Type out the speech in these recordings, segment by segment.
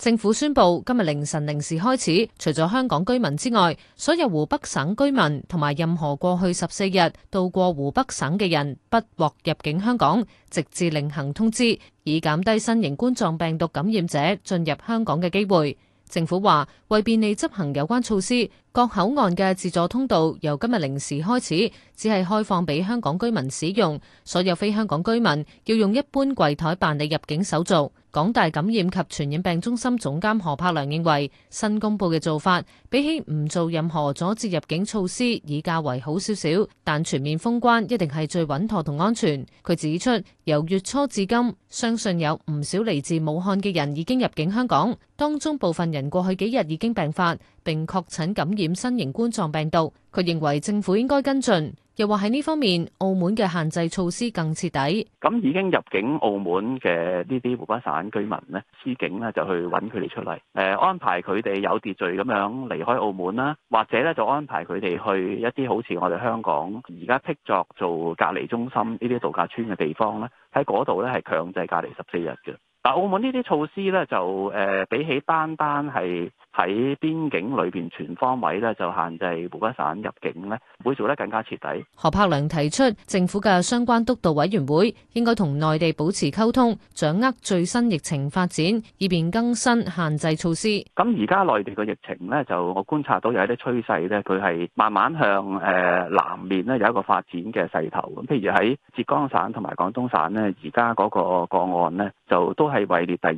政府宣布今日凌晨零時開始，除咗香港居民之外，所有湖北省居民同埋任何過去十四日到過湖北省嘅人，不獲入境香港，直至另行通知，以減低新型冠狀病毒感染者進入香港嘅機會。政府話為便利執行有關措施，各口岸嘅自助通道由今日零時開始，只係開放俾香港居民使用，所有非香港居民要用一般櫃台辦理入境手續。港大感染及傳染病中心總監何栢良認為，新公布嘅做法比起唔做任何阻止入境措施，已較為好少少，但全面封關一定係最穩妥同安全。佢指出，由月初至今，相信有唔少嚟自武漢嘅人已經入境香港，當中部分人過去幾日已經病發，並確診感染新型冠狀病毒。佢認為政府應該跟進。又話喺呢方面，澳門嘅限制措施更徹底。咁已經入境澳門嘅呢啲湖北省居民呢，司警呢就去揾佢哋出嚟，誒安排佢哋有秩序咁樣離開澳門啦，或者咧就安排佢哋去一啲好似我哋香港而家辟作做隔離中心呢啲度假村嘅地方咧，喺嗰度咧係強制隔離十四日嘅。但澳門呢啲措施咧就誒、呃、比起單單係，喺邊境裏邊全方位咧就限制湖北省入境咧，會做得更加徹底。何栢良提出，政府嘅相關督導委員會應該同內地保持溝通，掌握最新疫情發展，以便更新限制措施。咁而家內地嘅疫情咧，就我觀察到有一啲趨勢咧，佢係慢慢向誒南面咧有一個發展嘅勢頭，咁譬如喺浙江省同埋廣東省咧，而家嗰個個案咧就都係位列第二、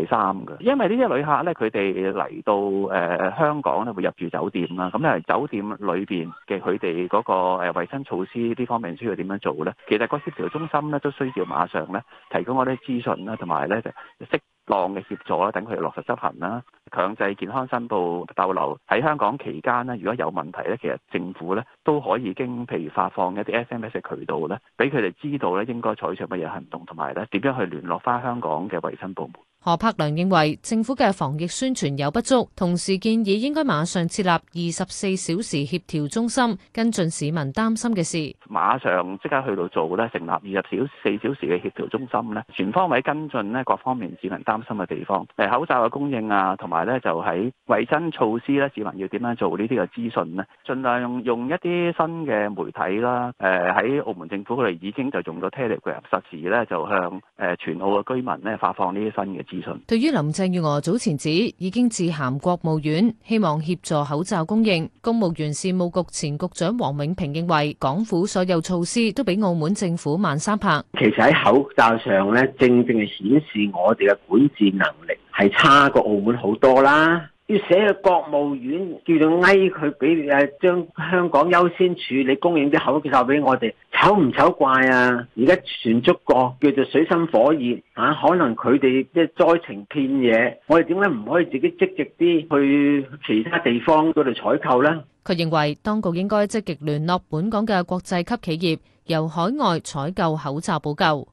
第三嘅。因為呢啲旅客咧，佢哋嚟到。到誒香港咧，會入住酒店啦。咁因為，酒店裏邊嘅佢哋嗰個誒衞生措施，呢方面需要點樣做咧？其實個協調中心咧，都需要馬上咧提供一啲資訊啦，同埋咧就適當嘅協助啦，等佢哋落實執行啦。強制健康申報，逗留喺香港期間咧，如果有問題咧，其實政府咧都可以經譬如發放一啲 SMS 嘅渠道咧，俾佢哋知道咧應該採取乜嘢行動，同埋咧點樣去聯絡翻香港嘅衞生部門。何栢良認為政府嘅防疫宣傳有不足，同時建議應該馬上設立二十四小時協調中心，跟進市民擔心嘅事。馬上即刻去到做咧，成立二十四小時嘅協調中心咧，全方位跟進咧，各方面市民擔心嘅地方，誒口罩嘅供應啊，同埋咧就喺衛生措施咧，市民要點樣做呢啲嘅資訊呢？盡量用一啲新嘅媒體啦，誒喺澳門政府佢哋已經就用咗 Telegram 實時咧，就向誒全澳嘅居民咧發放呢啲新嘅。對於林鄭月娥早前指已經致函國務院，希望協助口罩供應，公務員事務局前局長王永平認為，港府所有措施都比澳門政府慢三拍。其實喺口罩上咧，正正係顯示我哋嘅管治能力係差過澳門好多啦。要寫去國務院叫做哀佢俾誒，將香港優先處理供應啲口罩俾我哋，醜唔醜怪啊？而家全中國叫做水深火熱，但可能佢哋即係災情遍野，我哋點解唔可以自己積極啲去其他地方嗰度採購呢？佢認為當局應該積極聯絡本港嘅國際級企業，由海外採購口罩補救。